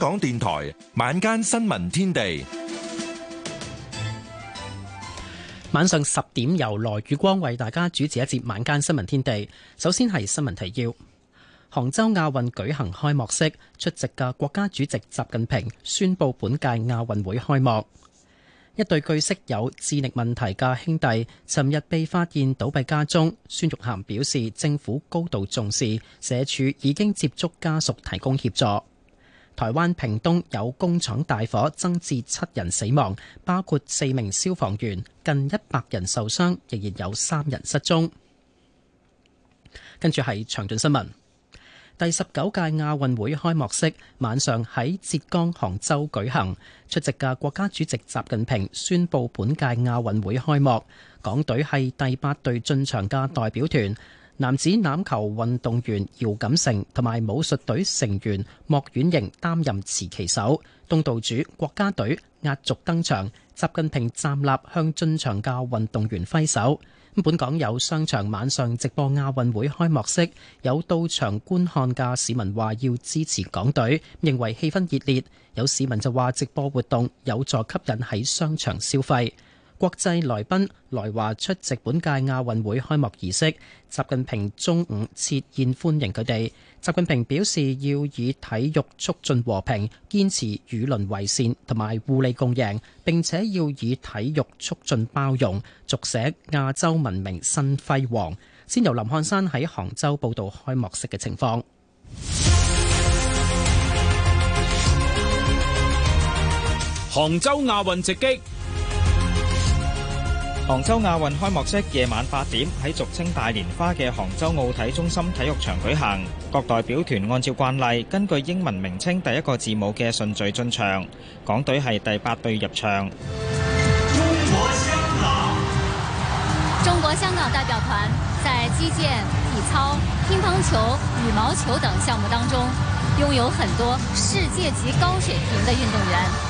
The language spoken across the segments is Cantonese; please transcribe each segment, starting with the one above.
港電台晚間新聞天地，晚上十點由羅宇光為大家主持一節晚間新聞天地。首先係新聞提要：杭州亞運舉行開幕式，出席嘅國家主席習近平宣布本屆亞運會開幕。一對據悉有智力問題嘅兄弟，尋日被發現倒閉家中。孫玉菡表示，政府高度重視，社署已經接觸家屬提供協助。台灣屏東有工廠大火，增至七人死亡，包括四名消防員，近一百人受傷，仍然有三人失蹤。跟住係詳盡新聞：第十九屆亞運會開幕式晚上喺浙江杭州舉行，出席嘅國家主席習近平宣布本屆亞運會開幕。港隊係第八隊進場嘅代表團。男子欖球運動員姚錦成同埋武術隊成員莫婉瑩擔任持旗手，東道主國家隊壓軸登場，習近平站立向進場嘅運動員揮手。咁本港有商場晚上直播亞運會開幕式，有到場觀看嘅市民話要支持港隊，認為氣氛熱烈。有市民就話直播活動有助吸引喺商場消費。國際來賓來華出席本屆亞運會開幕儀式，習近平中午設宴歡迎佢哋。習近平表示要以體育促進和平，堅持與鄰為善同埋互利共贏，並且要以體育促進包容，續寫亞洲文明新輝煌。先由林漢山喺杭州報道開幕式嘅情況。杭州亞運直擊。杭州亞運開幕式夜晚八點喺俗稱大蓮花嘅杭州奧體中心體育場舉行。各代表團按照慣例，根據英文名稱第一個字母嘅順序進場。港隊係第八隊入場。中國香港，中國香港代表團在擊劍、體操、乒乓球、羽毛球等項目當中，擁有很多世界級高水平的運動員。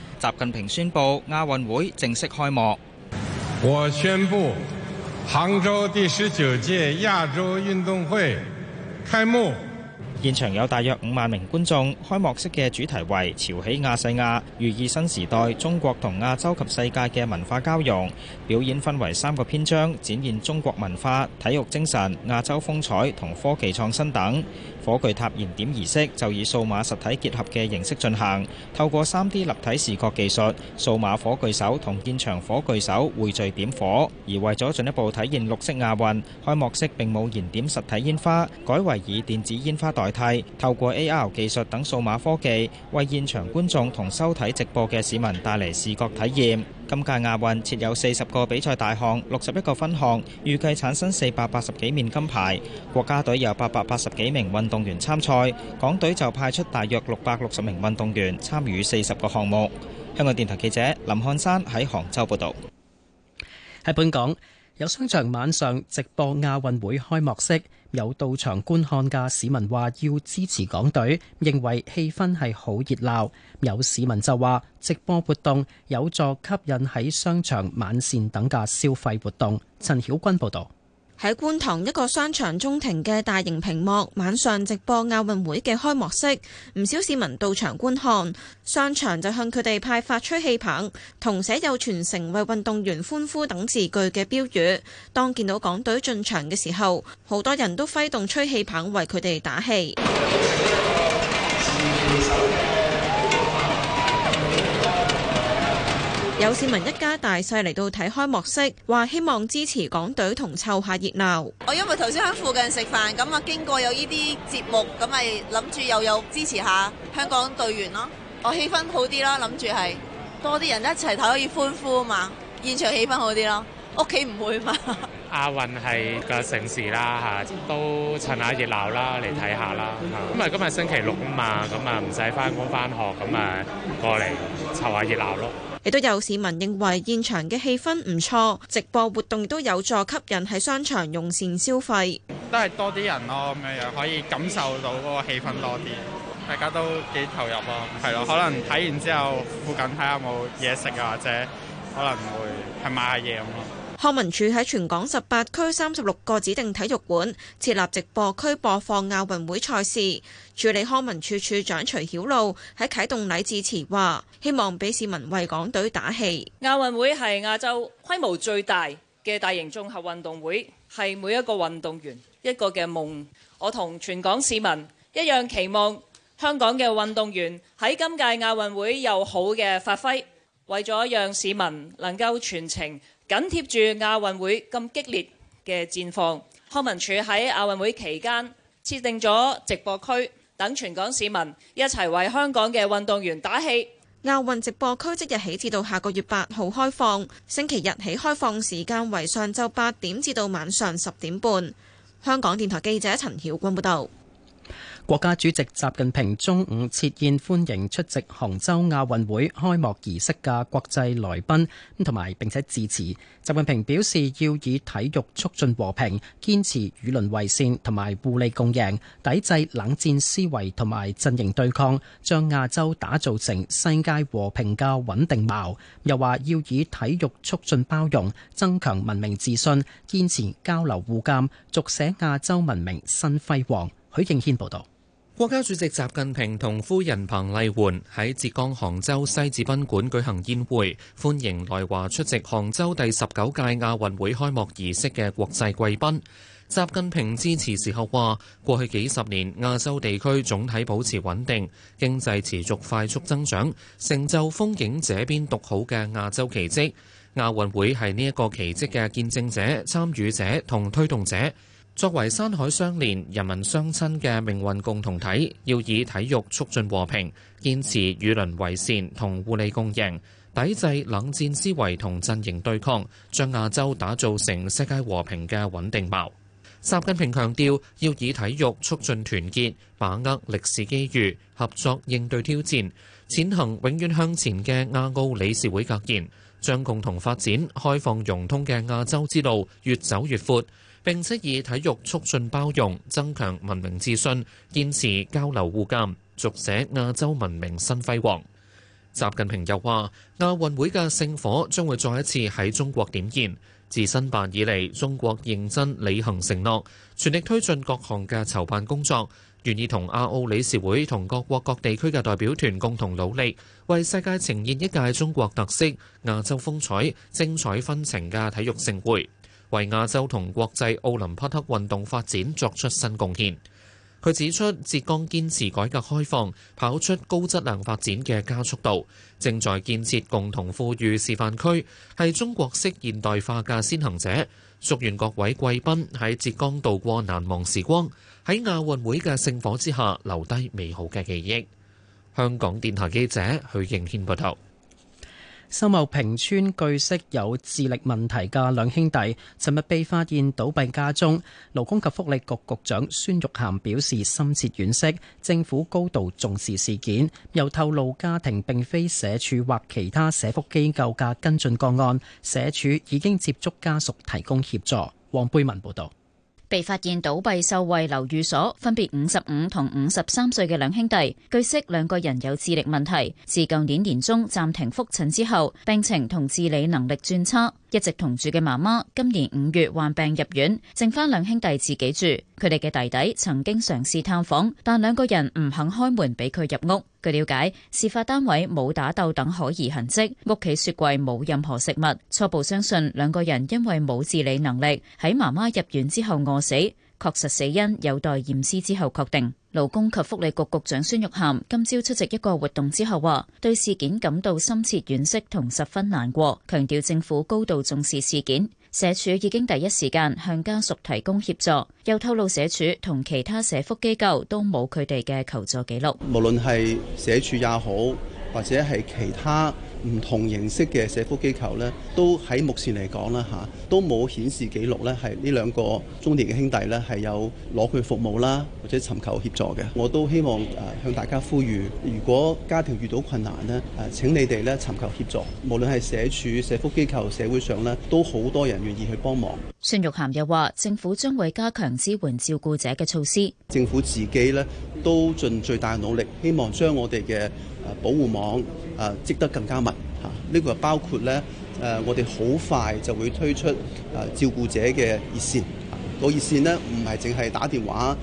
習近平宣布亞運會正式開幕。我宣布，杭州第十九屆亞洲運動會開幕。現場有大約五萬名觀眾，開幕式嘅主題為「潮起亞細亞，寓意新時代」，中國同亞洲及世界嘅文化交融。表演分為三個篇章，展現中國文化、體育精神、亞洲風采同科技創新等。火炬塔燃點儀式就以數碼實體結合嘅形式進行，透過三 D 立體視覺技術，數碼火炬手同現場火炬手匯聚點火。而為咗進一步體現綠色亞運，開幕式並冇燃點實體煙花，改為以電子煙花代。透過 AR 技術等數碼科技，為現場觀眾同收睇直播嘅市民帶嚟視覺體驗。今屆亞運設有四十個比賽大項、六十一個分項，預計產生四百八十幾面金牌。國家隊有八百八十幾名運動員參賽，港隊就派出大約六百六十名運動員參與四十個項目。香港電台記者林漢山喺杭州報道。喺本港有商場晚上直播亞運會開幕式。有到場觀看嘅市民話要支持港隊，認為氣氛係好熱鬧。有市民就話直播活動有助吸引喺商場、晚膳等嘅消費活動。陳曉君報導。喺觀塘一個商場中庭嘅大型屏幕，晚上直播亞運會嘅開幕式，唔少市民到場觀看，商場就向佢哋派發吹氣棒同寫有「全城為運動員歡呼」等字句嘅標語。當見到港隊進場嘅時候，好多人都揮動吹氣棒為佢哋打氣。 有市民一家大細嚟到睇開幕式，話希望支持港隊同湊下熱鬧。我因為頭先喺附近食飯咁啊，經過有呢啲節目，咁咪諗住又有支持下香港隊員咯。我氣氛好啲咯，諗住係多啲人一齊睇可以歡呼啊嘛，現場氣氛好啲咯。屋企唔會嘛？亞運係個盛事啦，嚇都趁下熱鬧啦，嚟睇下啦。咁啊，今日星期六啊嘛，咁啊唔使翻工翻學，咁啊過嚟湊下熱鬧咯。亦都有市民認為現場嘅氣氛唔錯，直播活動都有助吸引喺商場用膳消費。都係多啲人咯，咁樣樣可以感受到嗰個氣氛多啲，大家都幾投入啊。係咯，可能睇完之後，附近睇下有冇嘢食啊，或者～可能會係買嘢咁咯。康文署喺全港十八區三十六個指定體育館設立直播區，播放亞運會賽事。助理康文署署長徐曉璐喺啟動禮致辭話，希望俾市民為港隊打氣。亞運會係亞洲規模最大嘅大型綜合運動會，係每一個運動員一個嘅夢。我同全港市民一樣，期望香港嘅運動員喺今屆亞運會有好嘅發揮。為咗讓市民能夠全程緊貼住亞運會咁激烈嘅戰況，康文署喺亞運會期間設定咗直播區，等全港市民一齊為香港嘅運動員打氣。亞運直播區即日起至到下個月八號開放，星期日起開放時間為上晝八點至到晚上十點半。香港電台記者陳曉君報導。國家主席習近平中午設宴歡迎出席杭州亞運會開幕儀式嘅國際來賓，同埋並且致辭。習近平表示要以體育促進和平，堅持與鄰為善同埋互利共贏，抵制冷戰思維同埋陣營對抗，將亞洲打造成世界和平嘅穩定錨。又話要以體育促進包容，增強文明自信，堅持交流互鑑，續寫亞洲文明新輝煌。許敬軒報導。國家主席習近平同夫人彭麗媛喺浙江杭州西子賓館舉行宴會，歡迎來華出席杭州第十九屆亞運會開幕儀式嘅國際貴賓。習近平致辭時候話：過去幾十年，亞洲地區總體保持穩定，經濟持續快速增長，成就風景這邊獨好嘅亞洲奇蹟。亞運會係呢一個奇迹嘅見證者、參與者同推動者。作為山海相連、人民相親嘅命運共同體，要以體育促進和平，堅持與鄰為善同互利共贏，抵制冷戰思維同陣營對抗，將亞洲打造成世界和平嘅穩定錨。習近平強調，要以體育促進團結，把握歷史機遇，合作應對挑戰，踐行永遠向前嘅亞奧理事會格言，將共同發展、開放融通嘅亞洲之路越走越闊。並且以體育促進包容，增強文明自信，堅持交流互鑑，續寫亞洲文明新輝煌。習近平又話：亞運會嘅聖火將會再一次喺中國點燃。自申辦以嚟，中國認真履行承諾，全力推進各項嘅籌辦工作，願意同亞奧理事會同各國各地區嘅代表團共同努力，為世界呈現一屆中國特色、亞洲風采、精彩紛呈嘅體育盛會。為亞洲同國際奧林匹克運動發展作出新貢獻。佢指出，浙江堅持改革開放，跑出高質量發展嘅加速度，正在建設共同富裕示範區，係中國式現代化嘅先行者。祝願各位貴賓喺浙江度過難忘時光，喺亞運會嘅聖火之下留低美好嘅記憶。香港電台記者許敬軒報道。秀茂坪村據悉有智力問題嘅兩兄弟，尋日被發現倒斃家中。勞工及福利局局，局長孫玉菡表示深切惋惜，政府高度重視事件，又透露家庭並非社署或其他社福機構嘅跟進個案，社署已經接觸家屬提供協助。黃貝文報導。被發現倒閉受惠留寓所，分別五十五同五十三歲嘅兩兄弟，據悉兩個人有智力問題，自舊年年中暫停覆診之後，病情同自理能力轉差。一直同住嘅媽媽今年五月患病入院，剩返兩兄弟自己住。佢哋嘅弟弟曾經嘗試探訪，但兩個人唔肯開門俾佢入屋。據了解，事發單位冇打鬥等可疑痕跡，屋企雪櫃冇任何食物，初步相信兩個人因為冇自理能力，喺媽媽入院之後餓死。確實死因有待驗屍之後確定。勞工及福利局局長孫玉菡今朝出席一個活動之後話，對事件感到深切惋惜同十分難過，強調政府高度重視事件。社署已經第一時間向家屬提供協助，又透露社署同其他社福機構都冇佢哋嘅求助記錄。無論係社署也好，或者係其他。唔同形式嘅社福機構咧，都喺目前嚟講啦嚇，都冇顯示記錄咧，係呢兩個中年嘅兄弟咧，係有攞佢服務啦，或者尋求協助嘅。我都希望誒向大家呼籲，如果家庭遇到困難呢，誒請你哋咧尋求協助，無論係社署、社福機構、社會上咧，都好多人願意去幫忙。孫玉菡又話：政府將會加強支援照顧者嘅措施。政府自己咧。都盡最大努力，希望將我哋嘅保護網啊積得更加密嚇。呢個包括咧，誒，我哋好快就會推出誒照顧者嘅熱線。個熱線呢，唔係淨係打電話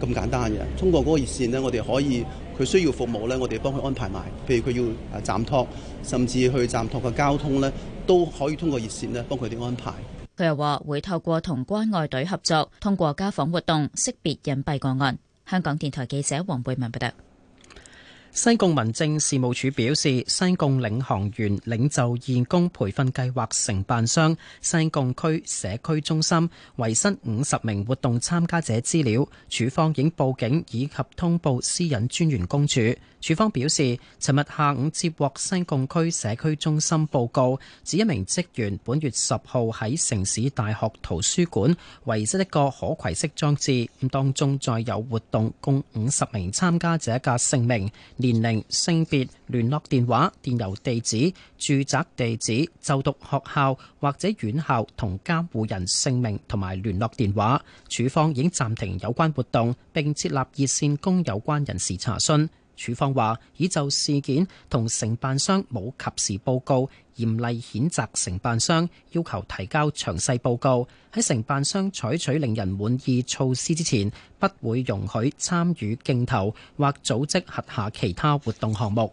誒咁簡單嘅。通過嗰個熱線咧，我哋可以佢需要服務咧，我哋幫佢安排埋。譬如佢要誒暫託，甚至去暫託嘅交通咧，都可以通過熱線咧幫佢哋安排。佢又話會透過同關愛隊合作，通過家訪活動識別隱蔽個案。香港電台記者黃貝文報道。西貢民政事務處表示，西貢領航員領袖義工培訓計劃承辦商西貢區社區中心遺失五十名活動參加者資料，處方已報警以及通報私隱專員公署。處方表示，尋日下午接獲西貢區社區中心報告，指一名職員本月十號喺城市大學圖書館遺失一個可攜式裝置，當中載有活動共五十名參加者嘅姓名、年齡、性別、聯絡電話、電郵地址、住宅地址、就讀學校或者院校同監護人姓名同埋聯絡電話。署方已經暫停有關活動，並設立熱線供有關人士查詢。署方話，已就事件同承辦商冇及時報告。嚴厲譴責承辦商，要求提交詳細報告。喺承辦商採取，取令人滿意措施之前，不會容許參與競投或組織轄下其他活動項目。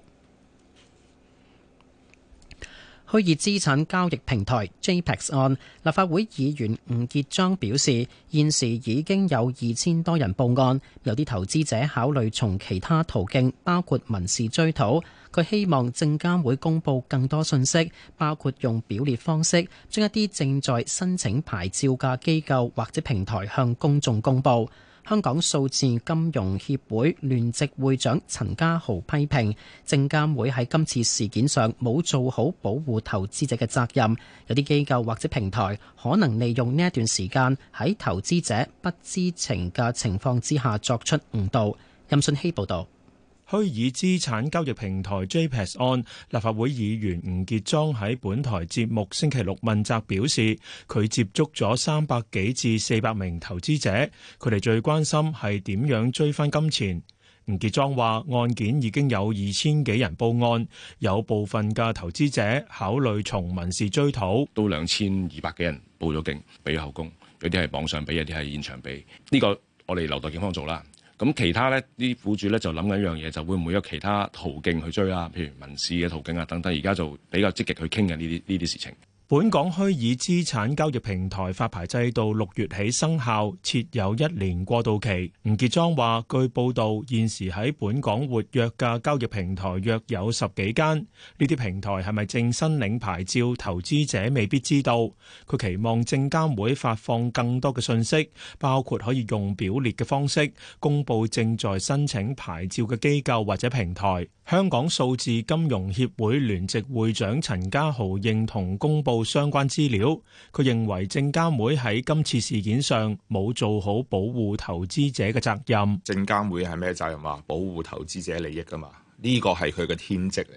虛擬資產交易平台 JPEX 案，立法會議員吳傑莊表示，現時已經有二千多人報案，有啲投資者考慮從其他途徑，包括民事追討。佢希望證監會公布更多信息，包括用表列方式將一啲正在申請牌照嘅機構或者平台向公眾公佈。香港數字金融協會聯席會長陳家豪批評，證監會喺今次事件上冇做好保護投資者嘅責任，有啲機構或者平台可能利用呢一段時間喺投資者不知情嘅情況之下作出誤導。任信希報導。虛擬資產交易平台 JPEX 案，立法會議員吳傑莊喺本台節目星期六問責表示，佢接觸咗三百幾至四百名投資者，佢哋最關心係點樣追翻金錢。吳傑莊話案件已經有二千幾人報案，有部分嘅投資者考慮從民事追討，都兩千二百幾人報咗警，俾後供。有啲係網上俾，有啲係現場俾，呢、這個我哋留待警方做啦。咁其他咧，啲苦主咧就諗緊一樣嘢，就會唔會有其他途徑去追啊，譬如民事嘅途徑啊等等，而家就比較積極去傾緊呢啲呢啲事情。本港虛擬資產交易平台發牌制度六月起生效，設有一年過渡期。吳傑莊話，據報道，現時喺本港活躍嘅交易平台約有十幾間，呢啲平台係咪正申領牌照，投資者未必知道。佢期望證監會發放更多嘅信息，包括可以用表列嘅方式公布正在申請牌照嘅機構或者平台。香港數字金融協會聯席會長陳家豪認同公布相關資料，佢認為證監會喺今次事件上冇做好保護投資者嘅責任。證監會係咩責任啊？保護投資者利益噶嘛？呢個係佢嘅天職嚟嘅。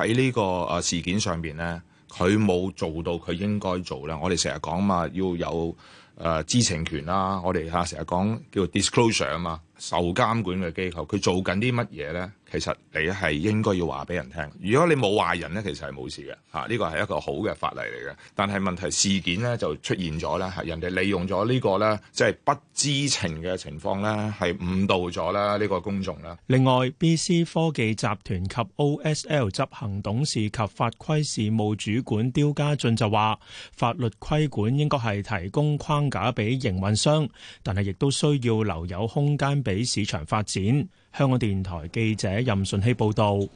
而喺呢個誒事件上邊咧，佢冇做到佢應該做啦。我哋成日講嘛，要有誒知情權啦。我哋吓成日講叫 disclosure 啊嘛。受監管嘅機構，佢做緊啲乜嘢呢？其實你係應該要話俾人聽。如果你冇壞人呢，其實係冇事嘅嚇。呢個係一個好嘅法例嚟嘅。但係問題事件呢，就出現咗啦嚇，人哋利用咗呢個呢，即係不知情嘅情況呢，係誤導咗啦呢個公眾啦。另外，BC 科技集團及 OSL 執行董事及法規事務主管刁家俊就話：法律規管應該係提供框架俾營運商，但係亦都需要留有空間。俾市場發展。香港電台記者任順希報導。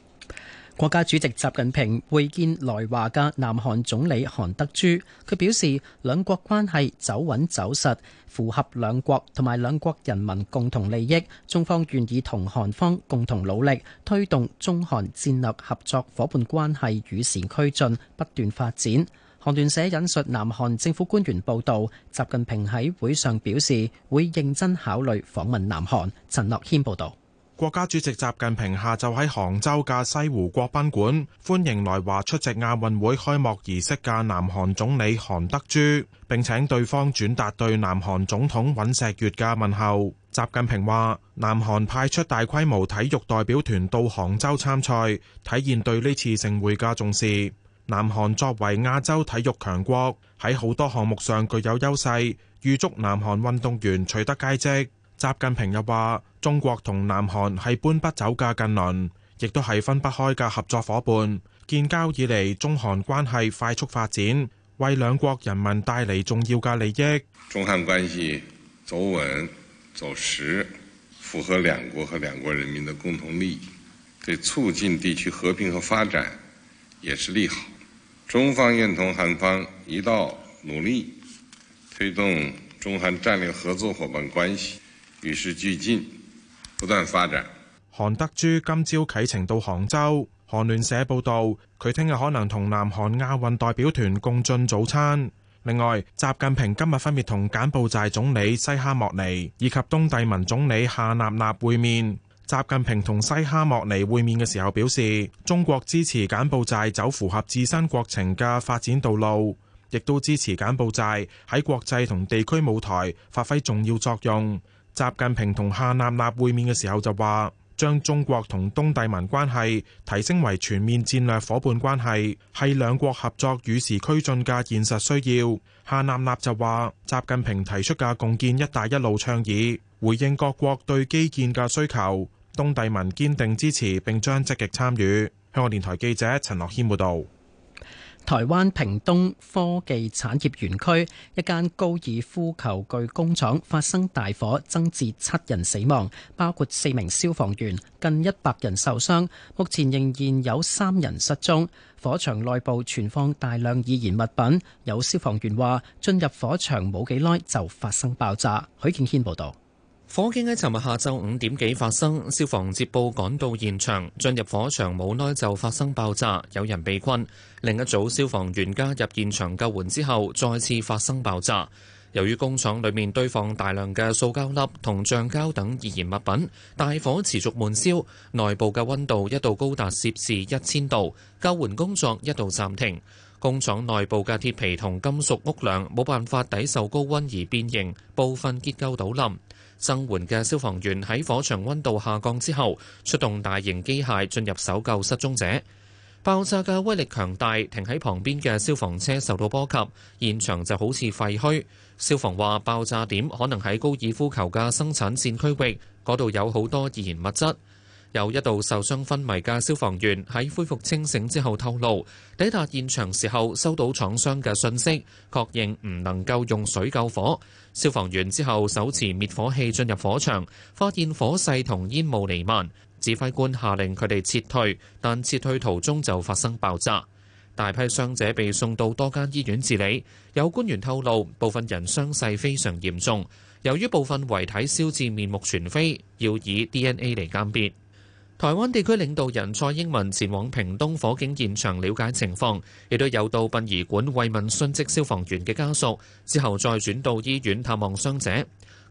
國家主席習近平會見來華嘅南韓總理韓德珠，佢表示，兩國關係走穩走實，符合兩國同埋兩國人民共同利益，中方願意同韓方共同努力，推動中韓戰略合作伙伴關係與時俱進，不斷發展。韓聯社引述南韓政府官員報道，習近平喺會上表示會認真考慮訪問南韓。陳樂軒報道。國家主席習近平下晝喺杭州嘅西湖國賓館歡迎來華出席亞運會開幕儀式嘅南韓總理韓德珠，並請對方轉達對南韓總統尹錫悅嘅問候。習近平話，南韓派出大規模體育代表團到杭州參賽，體現對呢次盛會嘅重視南韓作為亞洲體育強國，喺好多項目上具有優勢，預祝南韓運動員取得佳績。習近平又話：中國同南韓係搬不走嘅近鄰，亦都係分不開嘅合作伙伴。建交以嚟，中韓關係快速發展，為兩國人民帶嚟重要嘅利益。中韓關係走穩走實，符合兩國和兩國人民的共同利益，對促進地區和平和發展也是利好。中方願同韓方一道努力，推動中韓戰略合作伙伴關係與時俱進，不斷發展。韓德珠今朝啟程到杭州。韓聯社報道，佢聽日可能同南韓亞運代表團共進早餐。另外，習近平今日分別同柬埔寨總理西哈莫尼以及東帝汶總理夏納納會面。習近平同西哈莫尼會面嘅時候表示，中國支持柬埔寨走符合自身國情嘅發展道路，亦都支持柬埔寨喺國際同地區舞台發揮重要作用。習近平同夏納納會面嘅時候就話，將中國同東帝汶關係提升為全面戰略夥伴關係，係兩國合作與時俱進嘅現實需要。夏納納就話，習近平提出嘅共建“一帶一路”倡議，回應各國對基建嘅需求。東帝汶堅定支持，並將積極參與。香港電台記者陳樂謙報道：台灣屏東科技產業園區一間高爾夫球具工廠發生大火，增至七人死亡，包括四名消防員，近一百人受傷，目前仍然有三人失蹤。火場內部存放大量易燃物品，有消防員話進入火場冇幾耐就發生爆炸。許敬軒報道。火警喺尋日下晝五點幾發生，消防接報趕到現場，進入火場冇耐就發生爆炸，有人被困。另一組消防員加入現場救援之後，再次發生爆炸。由於工廠裏面堆放大量嘅塑膠粒同橡膠等易燃物品，大火持續悶燒，內部嘅溫度一度高達攝氏一千度，救援工作一度暫停。工廠內部嘅鐵皮同金屬屋梁冇辦法抵受高溫而變形，部分結構倒冧。增援嘅消防員喺火場溫度下降之後，出動大型機械，進入搜救失蹤者。爆炸嘅威力強大，停喺旁邊嘅消防車受到波及，現場就好似廢墟。消防話，爆炸點可能喺高爾夫球嘅生產綫區域，嗰度有好多易燃物質。有一度受傷昏迷嘅消防員喺恢復清醒之後透露，抵達現場時候收到廠商嘅訊息，確認唔能夠用水救火。消防員之後手持滅火器進入火場，發現火勢同煙霧瀰漫。指揮官下令佢哋撤退，但撤退途中就發生爆炸，大批傷者被送到多間醫院治理。有官員透露，部分人傷勢非常嚴重，由於部分遺體燒至面目全非，要以 DNA 嚟鑑別。台灣地區領導人蔡英文前往屏東火警現場了解情況，亦都有到殯儀館慰問殉職消防員嘅家屬，之後再轉到醫院探望傷者。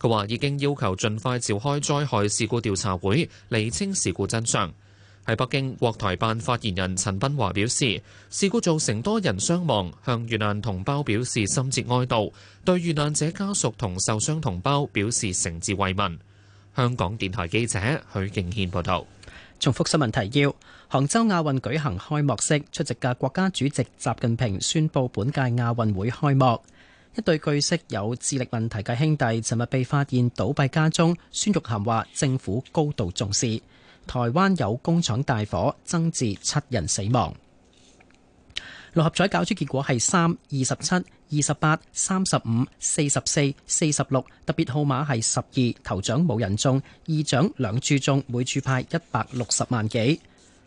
佢話已經要求盡快召開災害事故調查會，釐清事故真相。喺北京，國台辦發言人陳斌華表示，事故造成多人傷亡，向遇難同胞表示深切哀悼，對遇難者家屬同受傷同胞表示誠摯慰問。香港電台記者許敬軒報道。重複新聞提要：杭州亞運舉行開幕式，出席嘅國家主席習近平宣布本屆亞運會開幕。一對據悉有智力問題嘅兄弟，尋日被發現倒斃家中。孫玉菡話政府高度重視。台灣有工廠大火，增至七人死亡。六合彩攪珠結果係三二十七、二十八、三十五、四十四、四十六，特別號碼係十二。頭獎冇人中，二獎兩注中，每注派一百六十萬幾。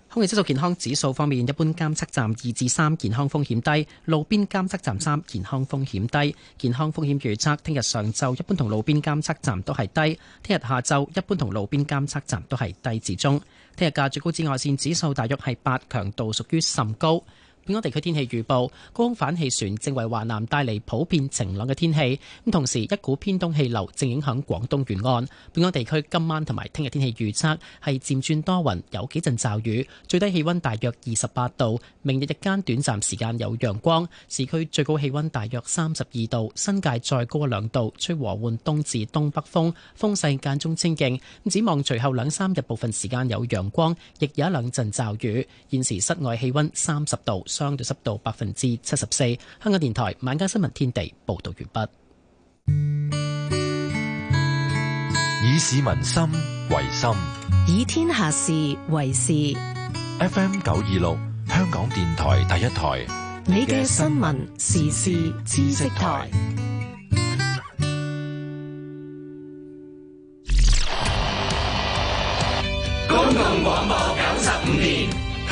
空氣質素健康指數方面，一般監測站二至三，健康風險低；路邊監測站三，健康風險低。健康風險預測，聽日上晝一般同路邊監測站都係低；聽日下晝一般同路邊監測站都係低至中。聽日嘅最高紫外線指數大約係八，強度屬於甚高。本港地區天氣預報，高空反氣旋正為華南帶嚟普遍晴朗嘅天氣，咁同時一股偏東氣流正影響廣東沿岸。本港地區今晚同埋聽日天氣預測係漸轉多雲，有幾陣驟雨，最低氣溫大約二十八度。明日日間短暫時間有陽光，市區最高氣溫大約三十二度，新界再高兩度，吹和緩東至東北風，風勢間中清勁，咁展望隨後兩三日部分時間有陽光，亦有一兩陣驟雨。現時室外氣溫三十度。相對濕度百分之七十四。香港電台《晚間新聞天地》報道完畢。以市民心為心，以天下事為事。FM 九二六，香港電台第一台，你嘅新聞時事知識台。公共廣播九十五年。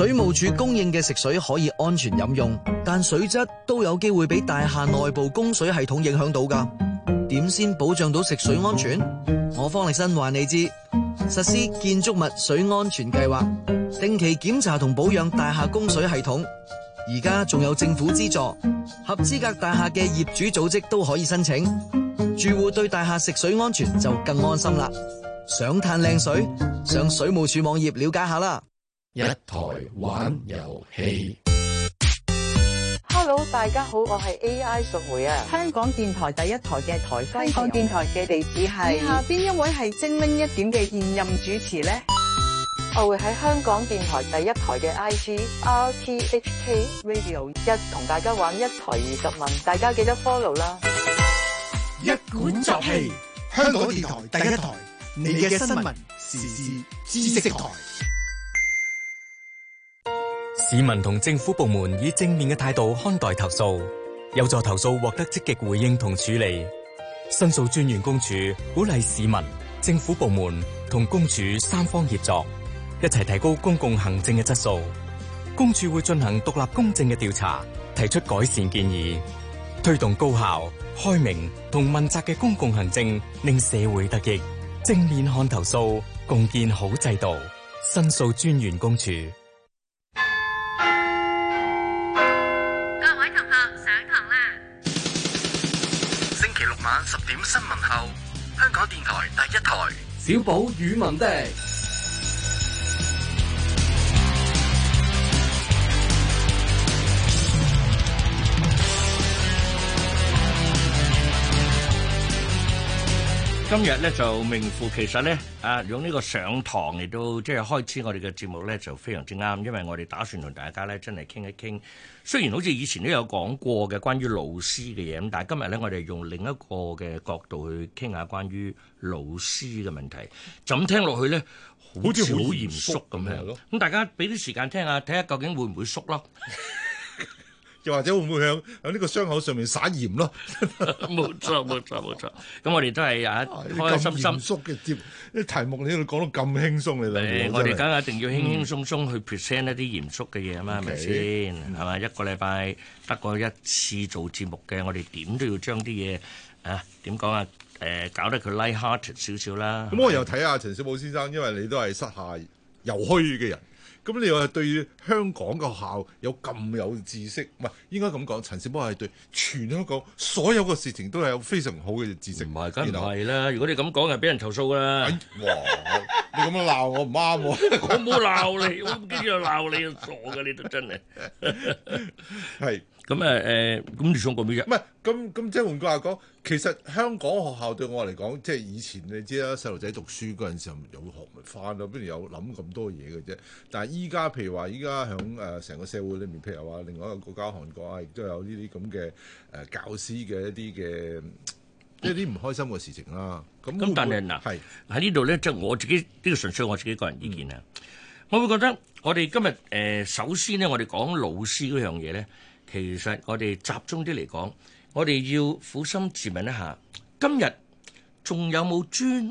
水務署供應嘅食水可以安全飲用，但水質都有機會俾大廈內部供水系統影響到噶。點先保障到食水安全？我方力申話你知，實施建築物水安全計劃，定期檢查同保養大廈供水系統。而家仲有政府資助，合資格大廈嘅業主組織都可以申請。住戶對大廈食水安全就更安心啦。想嘆靚水，上水務署網頁了解下啦。一台玩遊戲，Hello，大家好，我係 AI 淑梅啊，香港電台第一台嘅台西。香港電台嘅地址係下邊一位係精靈一點嘅現任主持咧，我會喺香港電台第一台嘅 I C R T H K Radio 一同大家玩一台二十問，大家記得 follow 啦。一管就戲香港電台第一台，你嘅新聞時事知識台。市民同政府部門以正面嘅態度看待投訴，有助投訴獲得積極回應同處理。申訴專員公署鼓勵市民、政府部門同公署三方協作，一齊提高公共行政嘅質素。公署會進行獨立公正嘅調查，提出改善建議，推動高效、開明同問責嘅公共行政，令社會得益。正面看投訴，共建好制度。申訴專員公署。電台第一台小寶語文的。今日咧就名副其實咧，啊用呢個上堂嚟到即係開始我哋嘅節目咧，就非常之啱，因為我哋打算同大家咧真係傾一傾。雖然好似以前都有講過嘅關於老師嘅嘢，咁但係今日咧我哋用另一個嘅角度去傾下關於老師嘅問題。就咁聽落去咧，好似好嚴肅咁樣。咁大家俾啲時間聽下，睇下究竟會唔會縮咯？ 又或者會唔會向向呢個傷口上面撒鹽咯？冇 錯，冇錯，冇錯。咁我哋都係開心心、啊、嚴肅嘅節目，啲、呢個、題目你都講到咁輕鬆嘅，誒、哎，我哋梗一定要輕輕鬆鬆去 present 一啲嚴肅嘅嘢啊嘛，係咪先？係嘛？一個禮拜得過一次做節目嘅，我哋點都要將啲嘢啊，點講啊？誒、呃，搞得佢 light-hearted 少少啦。咁我又睇下陳小寶先生，因為你都係膝下猶虛嘅人。咁你又對香港嘅學校有咁有知識，唔係，應該咁講。陳小波係對全香港所有嘅事情都係有非常好嘅知識。唔係，梗唔係啦。如果你咁講，係俾人投訴啦。哎哇 咁 樣鬧我唔啱喎！我冇鬧你，我唔記得你鬧你， 你傻嘅你都真係係咁誒誒，咁 是、呃、你想講咩嘢？唔係咁咁，即係換句話講，其實香港學校對我嚟講，即、就、係、是、以前你知啦，細路仔讀書嗰陣時候，有學咪翻咯，邊度有諗咁多嘢嘅啫？但係依家，譬如話依家喺誒成個社會裡面，譬如話另外一個國家韓國啊，亦都有呢啲咁嘅誒教師嘅一啲嘅。一啲唔開心嘅事情啦，咁咁但係嗱，喺呢度咧，即係我自己，呢個純粹我自己個人意見啊。嗯、我會覺得我哋今日誒首先咧，我哋講老師樣嘢咧，其實我哋集中啲嚟講，我哋要苦心自問一下，今日仲有冇尊。